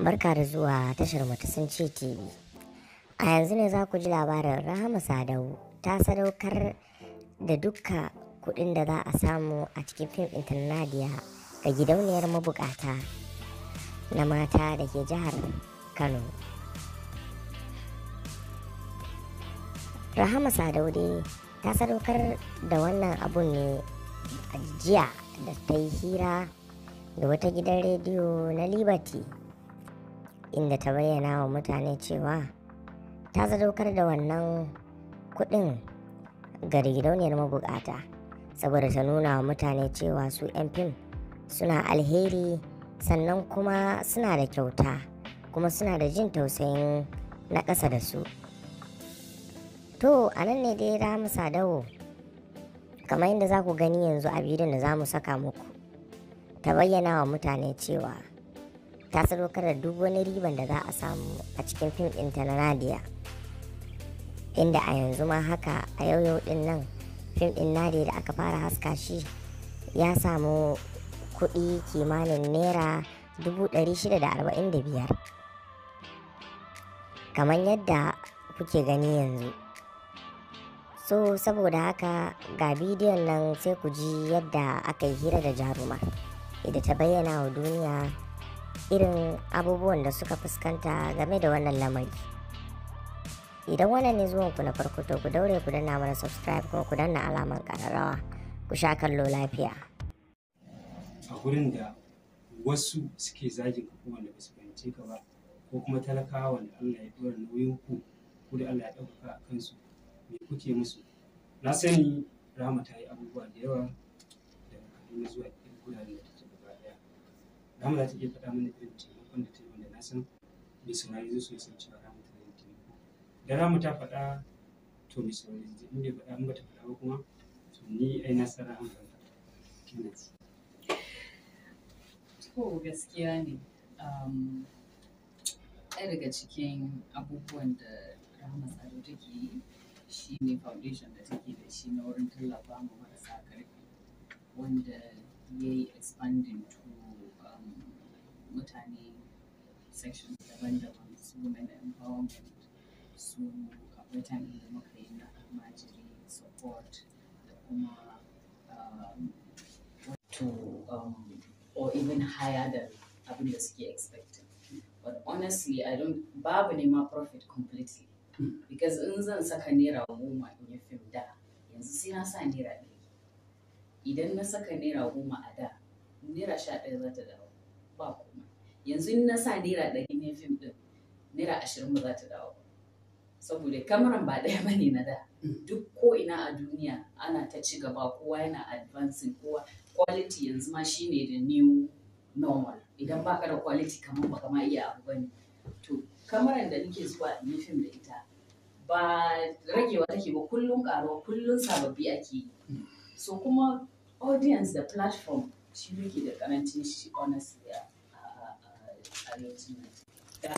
Barka da zuwa tashar ce TV. A yanzu ne za ku ji labarin Rahama Sadau ta sadaukar da dukka kuɗin da za a samu a cikin fim ɗin ga gidauniyar mabukata na mata da ke jihar Kano. Rahama Sadau dai ta sadaukar da wannan abun ne a jiya da ta yi hira da wata gidan rediyo na Liberty. inda ta bayyana wa mutane cewa ta sadaukar da wannan kuɗin ga na mabukata saboda ta nuna wa mutane cewa su 'yan fim suna alheri sannan kuma suna da kyauta kuma suna da jin tausayin na ƙasa da su to a nan ne dai mu sadawo kamar yadda za ku gani yanzu a birin da za mu saka muku ta bayyana wa mutane cewa ta sadaukar da duk wani riban da za a samu a cikin fim ɗinta na nadia inda a yanzu ma haka a yau yau ɗin nan fim ɗin nadia da aka fara haska shi ya samu kuɗi kimanin naira 645 kamar yadda kuke gani yanzu so saboda haka ga bidiyon nan sai ku ji yadda aka yi hira da jaruma idan ta bayyana wa duniya irin abubuwan da suka fuskanta game da wannan lamari idan wannan ne zuwanku na farko to ku daure ku danna mana subscribe kuma ku danna alaman kararrawa ku sha kallo lafiya a gurin da wasu suke zagin ku da ba fahimce ka ba ko kuma talakawa wanda Allah ya dora nauyin ku ko da Allah ya ɗaukaka a kansu me kuke musu na sani rahama ta yi abubuwa da yawa daga kaduna zuwa gurare Rama za ta iya faɗa mana irin taimakon da ta yi wanda na san mai saurari zai so ya san cewa Rama tana yin taimako. Da Rama ta faɗa to mai saurari zai in bai faɗa in bata faɗa ba kuma to ni ai na san Rama ta faɗa. To gaskiya ne. Um, ɗaya daga cikin abubuwan da Rahama Sado take yi shi ne foundation da take da shi na wurin tallafa ma marasa ƙarfi wanda ya yi expanding to mutane section daban-daban su women empowerment su da muka yi na almajiri support da kuma um, to um, or even higher than abin da suke expecting but honestly i don't babu ne profit completely because in zan saka naira goma in yi fim da yanzu sai na sa naira ɗaya idan na saka naira goma a da naira sha ɗaya za ta dawo ba yanzu in na sa naira ɗari ne fim ɗin naira ashirin ba za ta dawo saboda kamaran ba ɗaya ba ne na da duk ko ina a duniya ana ta ci gaba kowa yana advancing kowa quality yanzu ma shi ne da new normal idan ba ka da quality kamar ba kama iya abu bane to kamaran da nake zuwa in yi fim da ita ba ragewa take ba kullum karuwa kullum sababbi ake yi so kuma audience da platform shi yake da ƙarancin shi honestly 对。